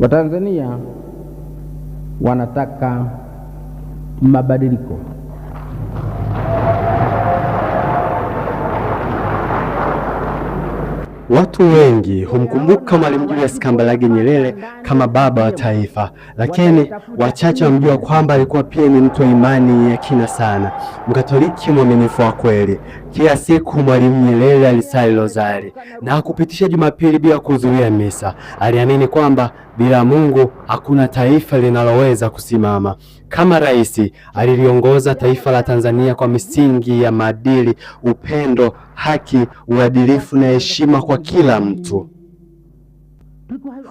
Watanzania wanataka mabadiliko. Watu wengi humkumbuka Mwalimu Julius Kambarage Nyerere kama baba wa taifa, lakini wachache wamjua kwamba alikuwa pia ni mtu wa imani ya kina sana, Mkatoliki mwaminifu wa kweli. Kila siku Mwalimu Nyerere alisali rozari na kupitisha Jumapili bila kuzuia misa. Aliamini kwamba bila Mungu hakuna taifa linaloweza kusimama. Kama rais, aliliongoza taifa la Tanzania kwa misingi ya maadili, upendo, haki, uadilifu na heshima kwa kila mtu.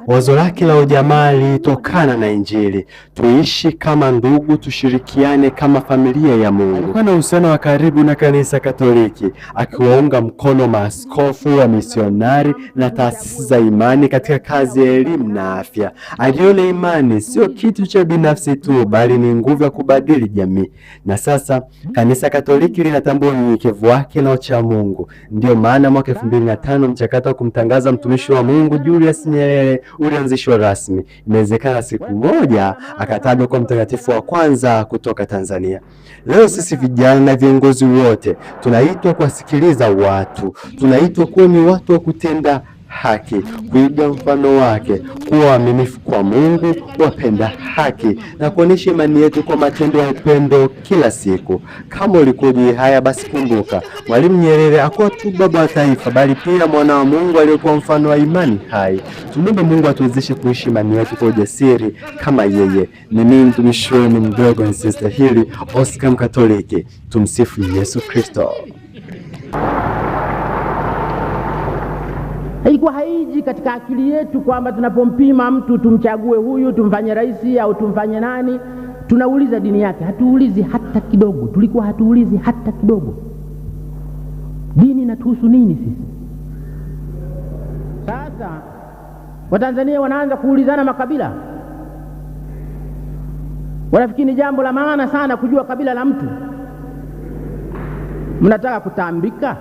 Wazo lake la ujamaa lilitokana na Injili. Tuishi kama ndugu, tushirikiane kama familia ya Mungu. Alikuwa na uhusiano wa karibu na kanisa Katoliki, akiwaunga mkono maaskofu wa misionari na taasisi za imani katika kazi ya elimu na afya. Aliona imani sio kitu cha binafsi tu, bali ni nguvu ya kubadili jamii. Na sasa kanisa Katoliki linatambua unyenyekevu wake na ucha Mungu. ndio maana mwaka 2005 mchakato wa kumtangaza mtumishi wa Mungu Julius Nyerere eh, ulianzishwa rasmi. Imewezekana siku moja ah, akatajwa kuwa mtakatifu wa kwanza kutoka Tanzania. Leo sisi vijana na viongozi wote tunaitwa kuwasikiliza watu, tunaitwa kuwa ni watu wa kutenda haki, kuiga mfano wake, kuwa waaminifu kwa Mungu, wapenda haki na kuonyesha imani yetu kwa matendo ya upendo kila siku. Kama ulikuwa haya, basi kumbuka, Mwalimu Nyerere akuwa tu baba wa taifa, bali pia mwana wa Mungu aliyekuwa mfano wa imani hai. Tumwombe Mungu atuwezeshe kuishi imani yetu kwa ujasiri kama yeye. Ni mimi mtumishi wenu mdogo hili Oscar Mkatoliki. Tumsifu Yesu Kristo. haikuwa haiji katika akili yetu kwamba tunapompima mtu tumchague huyu tumfanye rais au tumfanye nani tunauliza dini yake hatuulizi hata kidogo tulikuwa hatuulizi hata kidogo dini inatuhusu nini sisi sasa watanzania wanaanza kuulizana makabila wanafikiri ni jambo la maana sana kujua kabila la mtu mnataka kutambika